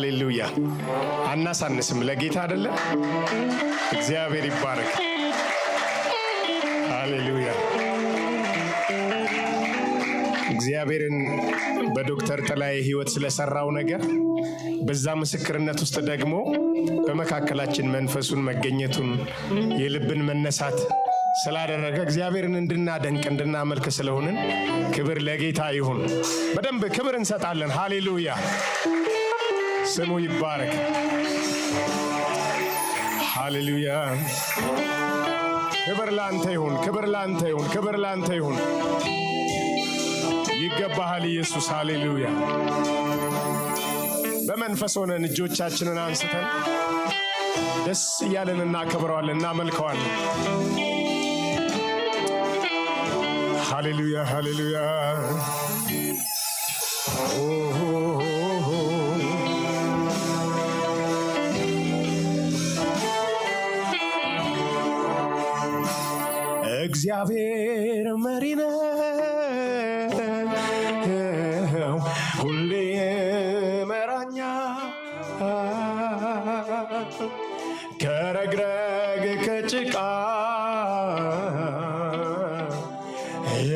ሃሌሉያ። አናሳንስም። ለጌታ አደለ እግዚአብሔር ይባረክ። ሃሌሉያ። እግዚአብሔርን በዶክተር ጥላዬ ህይወት ስለሰራው ነገር በዛ ምስክርነት ውስጥ ደግሞ በመካከላችን መንፈሱን መገኘቱን የልብን መነሳት ስላደረገ እግዚአብሔርን እንድናደንቅ እንድናመልክ ስለሆንን ክብር ለጌታ ይሁን። በደንብ ክብር እንሰጣለን። ሃሌሉያ ስሙ ይባረክ። ሃሌሉያ። ክብር ላንተ ይሁን፣ ክብር ላንተ ይሁን፣ ክብር ላንተ ይሁን። ይገባሃል ኢየሱስ። ሃሌሉያ። በመንፈስ ሆነን እጆቻችንን አንስተን ደስ እያለን እናከብረዋለን፣ እናመልከዋለን። ሃሌሉያ ሃሌሉያ እግዚአብሔር መሪ ነው ሁሌ መራኛ ከረግረግ ከጭቃ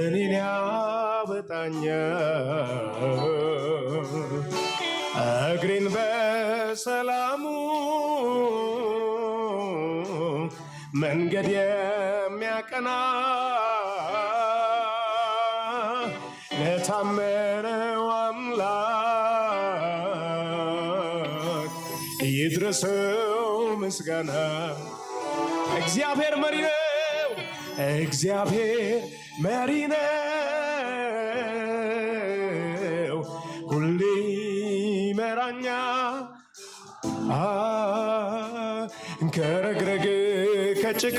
እኔን ያወጣኛ እግሬን በሰላሙ መንገድ የሚያቀና ለታመነው አምላክ ይድረሰው ምስጋና። እግዚአብሔር መሪ ነው። እግዚአብሔር መሪ ነው።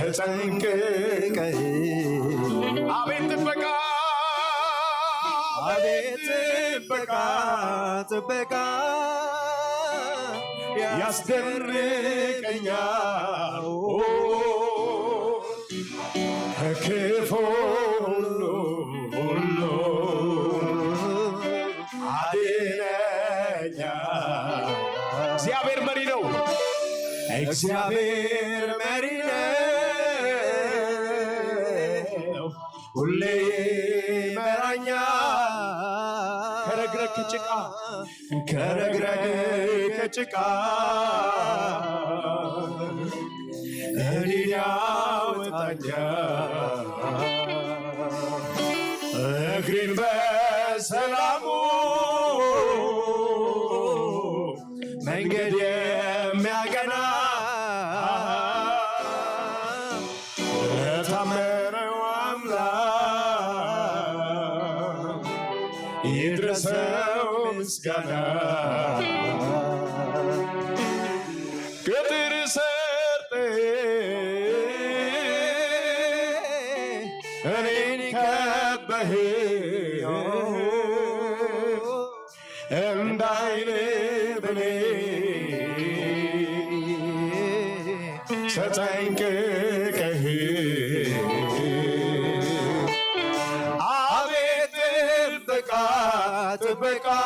ተጠንቅቀህ አቤት ጥበቃ አቤት ጥበቃ ጥበቃ ያስደርቀኛል ከክፉ ሁሉ ሁሉ እግዚአብሔር መሪ ነው። እግዚአብሔር ሁሌ መራኛ ከረግረግ ከጭቃ ከረግረግ ከጭቃ እኔን ያወጣኛል እግሬን በሰላሙ መንገድ gana. Que teria certe Reni kabahe And सचाई के कहे आवे तीर्थ का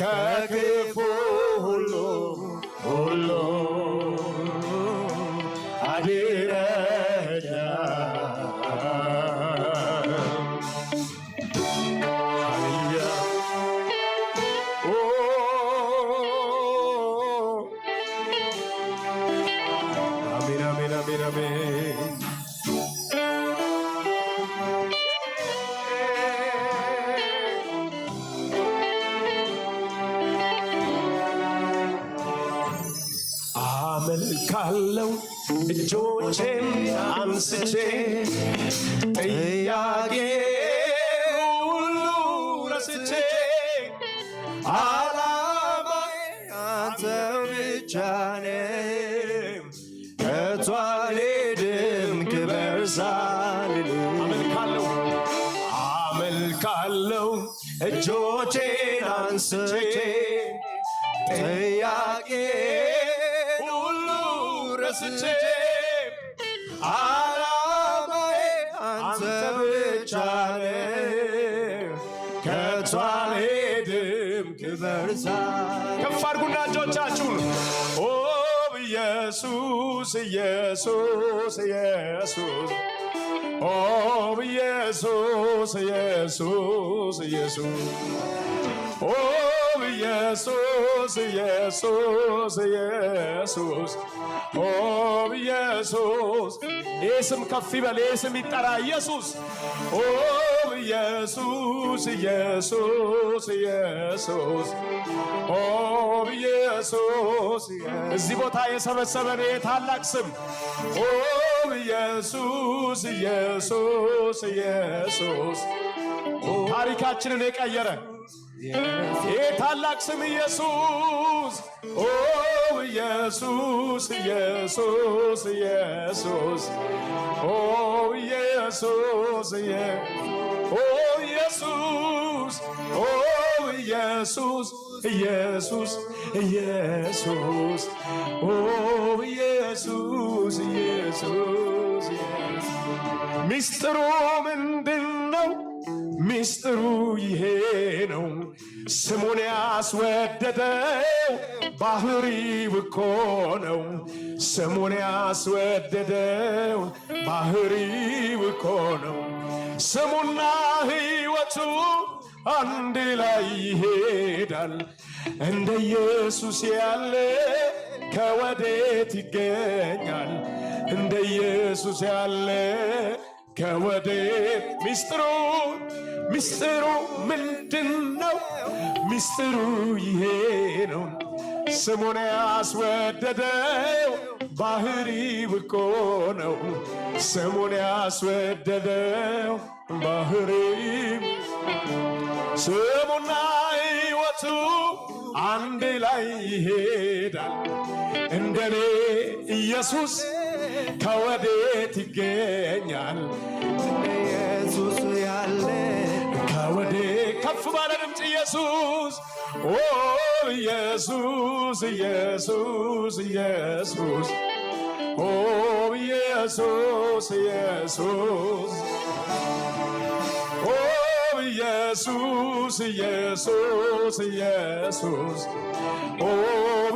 কাকে বলো বলো আরে রাজা Mírame, mírame, mírame. አለው እጆቼን አንስቼ ጥያቄ ሁሉ ረስቼ አላማዬ አንተ ብቻ ነህ። ከቶ አልሄድም ክብር ሳልልህ አመልካለሁ እጆቼን አንስቼ ጥያቄ ረስቼ አላማዬ አንተ ብቻ ነህ፣ ከቶ አልሄድም ክብር ከፍ አድርጉና እጆቻችሁን ኦ ኢየሱስ ኢየሱስ ኢየሱስ ኦብ ኢየሱስ ኢየሱስ ኢየሱስ ኢየሱስ ኢየሱስ ኢየሱስ ኦ ኢየሱስ ይህ ስም ከፍ ይበል፣ ይህ ስም ይጠራ። ኢየሱስ ኦ ኢየሱስ ኢየሱስ ኢየሱስ ኦ ኢየሱስ እዚህ ቦታ የሰበሰበን ታላቅ ስም ኦ ኢየሱስ ኢየሱስ ኢየሱስ ታሪካችንን የቀየረ ይህ ታላቅ ስም ኢየሱስ ኦ ኢየሱስ ኢየሱስ ኢየሱስ ኦ ኢየሱስ ኦ ኢየሱስ ኦ ኢየሱስ ኢየሱስ ኢየሱስ ኦ ኢየሱስ ኢየሱስ ሚስጥሩ ምንድን ነው? ሚስጥሩ ይሄ ነው ስሙን ያስወደደው ባህሪው እኮ ነው ስሙን ያስወደደው ባህሪው እኮ ነው ስሙና ሕይወቱ አንድ ላይ ይሄዳል እንደ ኢየሱስ ያለ ከወዴት ይገኛል እንደ ኢየሱስ ያለ ከወዴት ሚስጥሩ ምስጢሩ ምንድን ነው? ምስጢሩ ይሄ ነው። ስሙን ያስወደደው ባህሪ እኮ ነው። ስሙን ያስወደደው ባህሪው ስሙና ሕይወቱ አንድ ላይ ይሄዳል። እንደኔ ኢየሱስ ከወዴት ይገኛል? ኢየሱስ ያለ ወደ ከፍ ባለ ድምፅ ኢየሱስ ኦ ኢየሱስ ኢየሱስ ኢየሱስ ኦ ኢየሱስ ኢየሱስ ኦ ኢየሱስ ኢየሱስ ኢየሱስ ኦ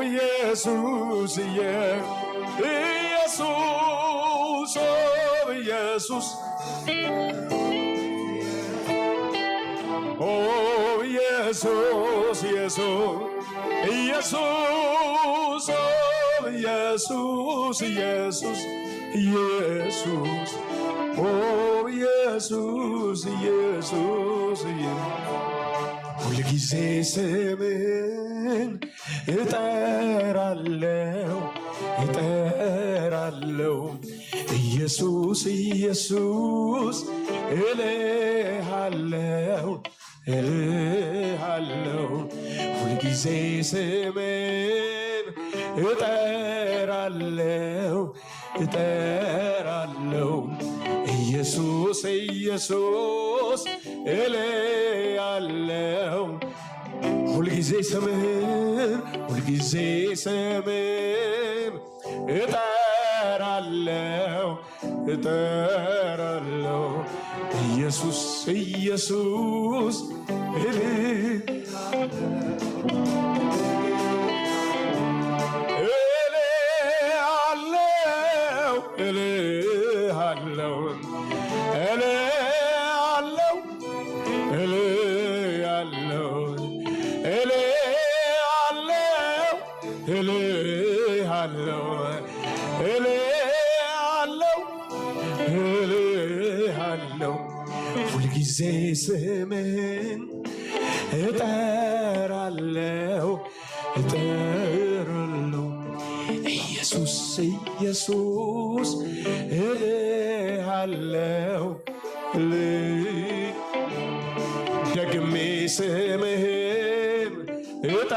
ኢየሱስ ኢየሱስ ኢየሱስ ኦ ኢየሱስ ኢየሱስ ኢየሱስ ኢየሱስ ኢየሱስ ኢየሱስ ኦ ኢየሱስ ኢየሱስ ሁልጊዜ ስምህን እጠራለው እጠራለው ኢየሱስ ኢየሱስ እልሃለው እልሃለው ሁልጊዜ ስምን እጠራለው እጠራለው ኢየሱስ ኢየሱስ እልሃለው ሁልጊዜ ስምህን ሁልጊዜ ስምህን እጠ እጠራለው እጠራለው ኢየሱስ ኢየሱስ እልህ አለው እልህ ሁልጊዜ ስምህን እጠራለው እጠራለው ኢየሱስ ኢየሱስ እልሃለው ደግሜ ስምህን እጠ